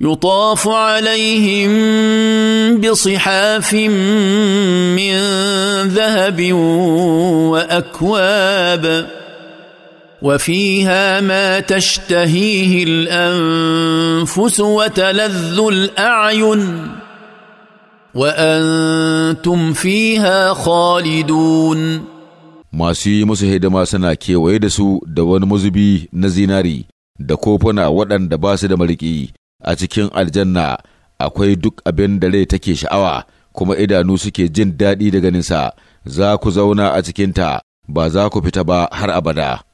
يطاف عليهم بصحاف من ذهب واكواب وفيها ما تشتهيه الانفس وتلذ الاعين وانتم فيها خالدون masu yi musu hidima suna kewaye da su da wani mazubi na zinari da kofuna waɗanda ba su da mariki a cikin aljanna akwai duk abin da rai take sha'awa kuma idanu suke jin daɗi da nisa za ku zauna a cikinta ba za ku fita ba har abada.